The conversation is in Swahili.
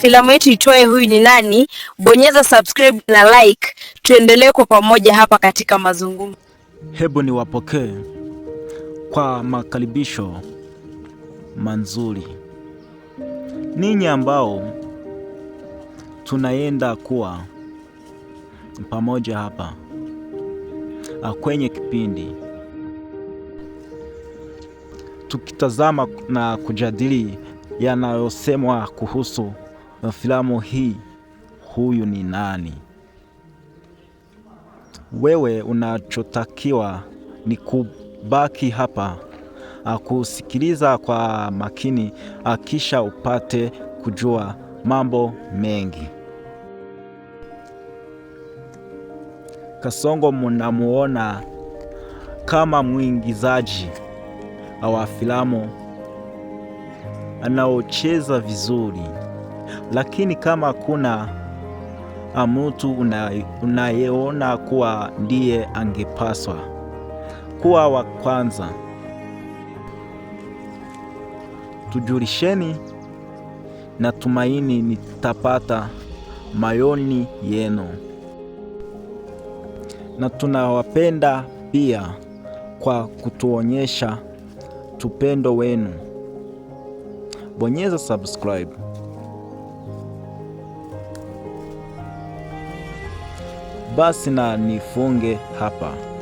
Filamu yetu itoe Huyu ni Nani? Bonyeza subscribe na like, tuendelee kwa pamoja hapa katika mazungumzo. Hebu niwapokee kwa makaribisho manzuri ninyi ambao tunaenda kuwa pamoja hapa ah, kwenye kipindi tukitazama na kujadili yanayosemwa kuhusu filamu hii, huyu ni nani? Wewe unachotakiwa ni kubaki hapa akusikiliza ah, kwa makini, akisha ah, upate kujua mambo mengi. Kasongo munamuona kama mwingizaji ah, wa filamu anaocheza vizuri. Lakini kama kuna ah, mtu unayeona kuwa ndiye angepaswa kuwa wa kwanza, tujulisheni, na tumaini nitapata mayoni yenu, na tunawapenda pia kwa kutuonyesha tupendo wenu. Bonyeza subscribe. basi na nifunge hapa.